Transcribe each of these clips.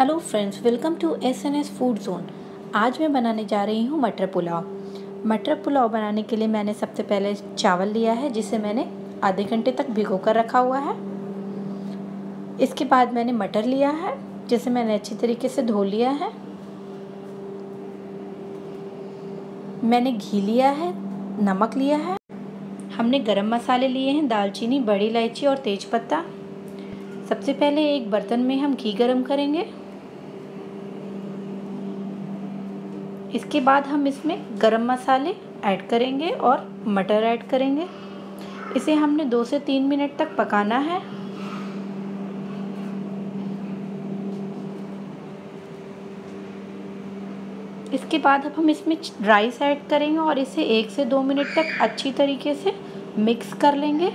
hello friends welcome to S N S food zone आज मैं बनाने जा रही हूँ मटर पुलाव मटर पुलाव बनाने के लिए मैंने सबसे पहले चावल लिया है जिसे मैंने आधे घंटे तक भिगो कर रखा हुआ है इसके बाद मैंने मटर लिया है जिसे मैंने अच्छी तरीके से धो लिया है मैंने घी लिया है नमक लिया है हमने गरम मसाले लिए हैं दालचीनी बड़ी इलायची और तेज़पत्ता सबसे पहले एक बर्तन में हम घी गरम करेंगे इसके बाद हम इसमें गरम मसाले ऐड करेंगे और मटर ऐड करेंगे इसे हमने दो से तीन मिनट तक पकाना है इसके बाद अब हम इसमें राइस ऐड करेंगे और इसे एक से दो मिनट तक अच्छी तरीके से मिक्स कर लेंगे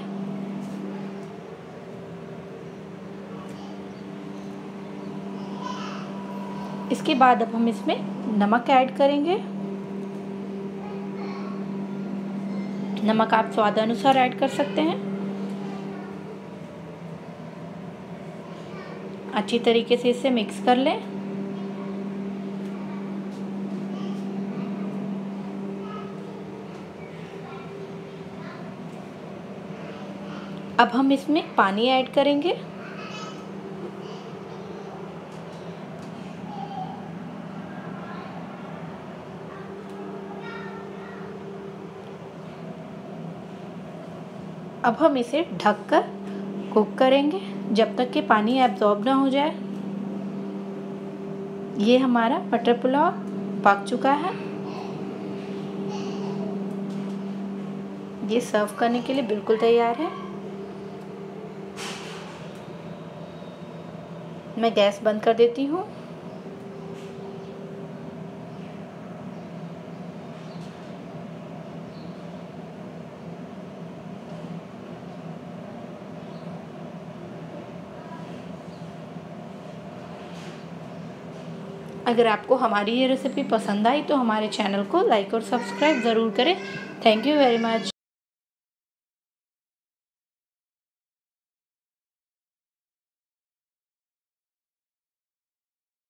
इसके बाद अब हम इसमें नमक ऐड करेंगे नमक आप स्वाद अनुसार ऐड कर सकते हैं अच्छी तरीके से इसे मिक्स कर लें अब हम इसमें पानी ऐड करेंगे अब हम इसे ढक कर कुक करेंगे जब तक कि पानी एब्जॉर्ब ना हो जाए ये हमारा मटर पुलाव पक चुका है ये सर्व करने के लिए बिल्कुल तैयार है मैं गैस बंद कर देती हूँ अगर आपको हमारी ये रेसिपी पसंद आई तो हमारे चैनल को लाइक और सब्सक्राइब ज़रूर करें थैंक यू वेरी मच